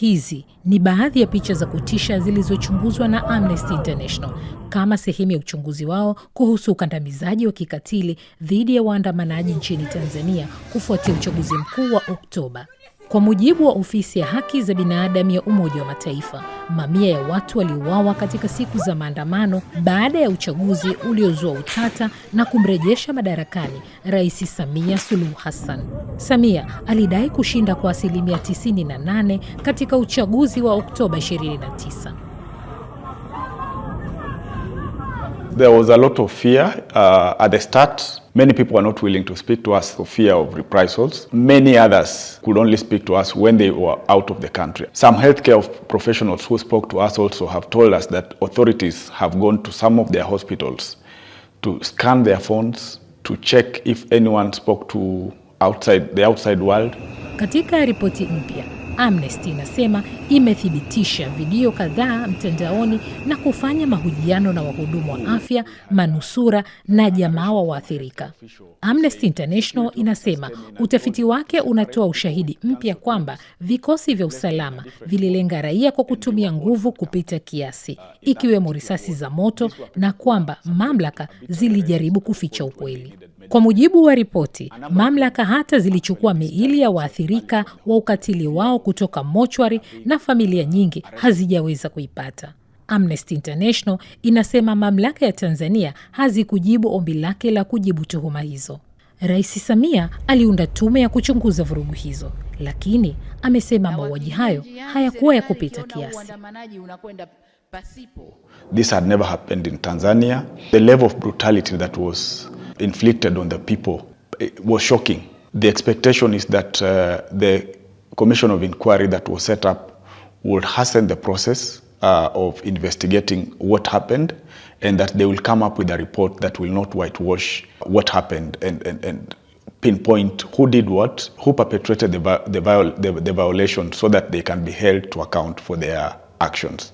Hizi ni baadhi ya picha za kutisha zilizochunguzwa na Amnesty International kama sehemu ya uchunguzi wao kuhusu ukandamizaji wa kikatili dhidi ya waandamanaji nchini Tanzania kufuatia uchaguzi mkuu wa Oktoba. Kwa mujibu wa ofisi ya haki za binadamu ya Umoja wa Mataifa, mamia ya watu waliuawa katika siku za maandamano baada ya uchaguzi uliozua utata na kumrejesha madarakani Rais Samia Suluhu Hassan. Samia alidai kushinda kwa asilimia 98 katika uchaguzi wa Oktoba 29. There was a lot of fear uh, at the start. Many people were not willing to speak to us for fear of reprisals. Many others could only speak to us when they were out of the country. Some healthcare professionals who spoke to us also have told us that authorities have gone to some of their hospitals to scan their phones to check if anyone spoke to outside the outside world. Katika ripoti mpya Amnesty inasema imethibitisha video kadhaa mtandaoni na kufanya mahojiano na wahudumu wa afya, manusura na jamaa wa waathirika. Amnesty International inasema utafiti wake unatoa ushahidi mpya kwamba vikosi vya usalama vililenga raia kwa kutumia nguvu kupita kiasi, ikiwemo risasi za moto na kwamba mamlaka zilijaribu kuficha ukweli. Kwa mujibu wa ripoti, mamlaka hata zilichukua miili ya waathirika wa ukatili wao kutoka mochwari na familia nyingi hazijaweza kuipata. Amnesty International inasema mamlaka ya Tanzania hazikujibu ombi lake la kujibu tuhuma hizo. Rais Samia aliunda tume ya kuchunguza vurugu hizo, lakini amesema mauaji hayo hayakuwa ya kupita kiasi. This had never happened in Tanzania. The level of brutality that was inflicted on the people was shocking. The expectation is that uh, the commission of inquiry that was set up would hasten the process uh, of investigating what happened and that they will come up with a report that will not whitewash what happened and, and, and pinpoint who did what, who perpetrated the, the, viol- the, the violation so that they can be held to account for their actions.